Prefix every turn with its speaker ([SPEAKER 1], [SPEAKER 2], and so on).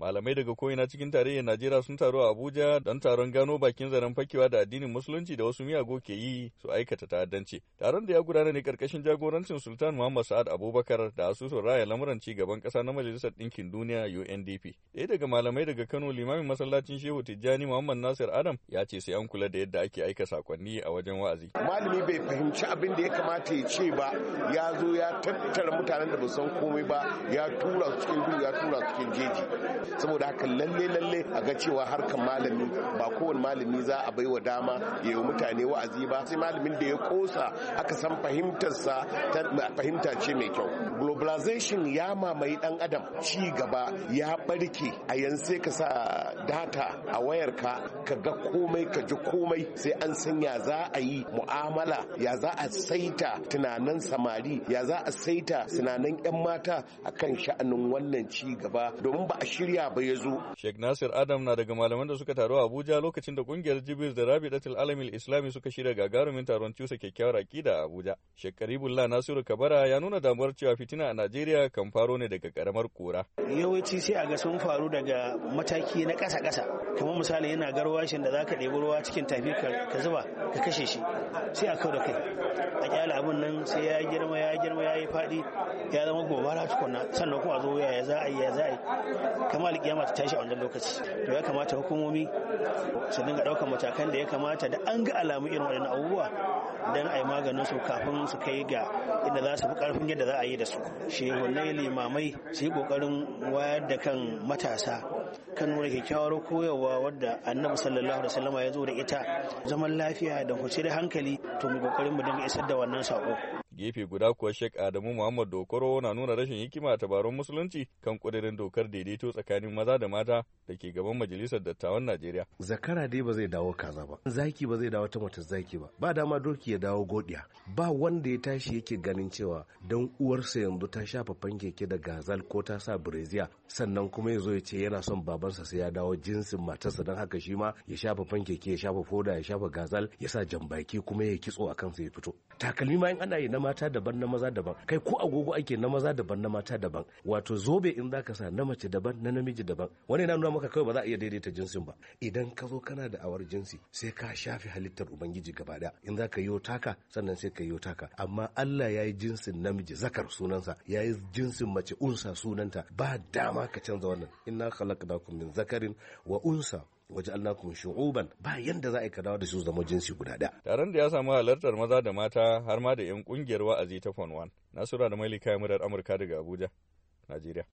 [SPEAKER 1] Malamai daga ko'ina cikin tarayyar Najeriya sun taru a Abuja don taron gano bakin zaren fakewa da addinin Musulunci da wasu miyago ke yi su aikata ta'addanci. Taron da ya gudana ne karkashin jagorancin Sultan Muhammad Sa'ad Abubakar da asusun raya lamuran ci gaban ƙasa na Majalisar Ɗinkin Duniya UNDP. Daya daga malamai daga Kano limamin masallacin Shehu Tijjani Muhammad Nasir Adam ya ce sai an kula da yadda ake aika sakonni a wajen wa'azi.
[SPEAKER 2] Malami bai fahimci abin da ya kamata ya ce ba ya zo ya tattara mutanen da ba san komai ba ya tura su cikin gudu ya tura su cikin
[SPEAKER 3] jeji.
[SPEAKER 2] saboda haka lalle lalle a ga cewa harkar malami ba kowane malami za a baiwa dama ya yi mutane wa'azi ba sai malamin da ya kosa aka san fahimtarsa fahimta ce mai kyau globalization ya mamaye dan adam ci gaba ya barke a yanzu sai ka sa data a wayarka ka ga komai ka ji komai sai an san ya za a yi mu'amala ya za a saita tunanin samari ya za a saita tunanin 'yan mata akan sha'anin wannan ci gaba domin ba a shirya tafiya
[SPEAKER 1] ba ya zo. Sheikh Nasir Adam na daga malaman da suka taru a Abuja lokacin da kungiyar Jibril da rabi Rabidatul Alamil Islami suka shirya gagarumin taron cusa kyakkyawar akida a Abuja. Sheikh Karibullah Nasiru Kabara ya nuna damuwar cewa fitina a Najeriya kan faro ne daga karamar kura.
[SPEAKER 3] Yawanci sai a ga sun faru daga mataki na ƙasa ƙasa. Kamar misali yana garwashin da zaka ɗebi ruwa cikin tafi ka zuba ka kashe shi sai a kau da kai. A kyala abun nan sai ya girma ya girma ya yi faɗi ya zama gobara tukunna sannan kuma a zo ya za a yi ya za a yi. ma alƙiyama ta tashi a wannan lokaci to ya kamata hukumomi su dinga daukar matakan da ya kamata da an ga alamu irin wannan abubuwa dan a maganin su kafin su kai ga inda za su fi ƙarfin yadda za a yi da su shehunai limamai su yi ƙoƙarin wayar da kan matasa kan wani kyakkyawar koyarwa wadda annabi sallallahu alaihi wasallam ya zo da ita zaman lafiya da da hankali to mu kokarin mu dinga isar da wannan sako
[SPEAKER 1] gefe guda kuwa Sheikh Adamu Muhammad Dokoro na nuna rashin hikima a tabarun musulunci kan kudirin dokar daidaito tsakanin maza da mata da ke gaban majalisar dattawan Najeriya.
[SPEAKER 4] Zakara dai ba zai dawo kaza ba, zaki ba zai dawo ta mata zaki ba, ba dama doki ya dawo godiya, ba wanda ya tashi yake ganin cewa dan uwarsa yanzu ta shafa fankeke da gazal ko ta sa breziya sannan kuma ya zo ya ce yana son babansa sai ya dawo jinsin matarsa don haka shi ma ya shafa fankeke ya shafa foda ya shafa gazal ya sa jambaki kuma ya kitso a kansa ya fito. Takalmi ma in ana yi na mata daban na maza daban kai ko agogo ake na maza daban na mata daban wato zobe in zaka sa na mace daban na namiji daban wani na nuna maka kawai ba za a iya daidaita jinsin ba idan ka zo kana da awar jinsi sai ka shafe halittar ubangiji gaba daya in zaka yi taka sannan sai ka yi taka amma Allah ya yi jinsin namiji zakar sunansa ya yi jinsin mace unsa sunanta ba dama ka canza wannan inna khalaqnakum min zakarin wa unsa waje alnakum shu'uban ba yanda za a ka dawo da su zama jinsi
[SPEAKER 1] guda ɗaya. Taron da ya samu halartar maza da mata har ma da 'yan kungiyar wa'azi ta Fon Nasura da Malika Murar Amurka daga Abuja, Najeriya.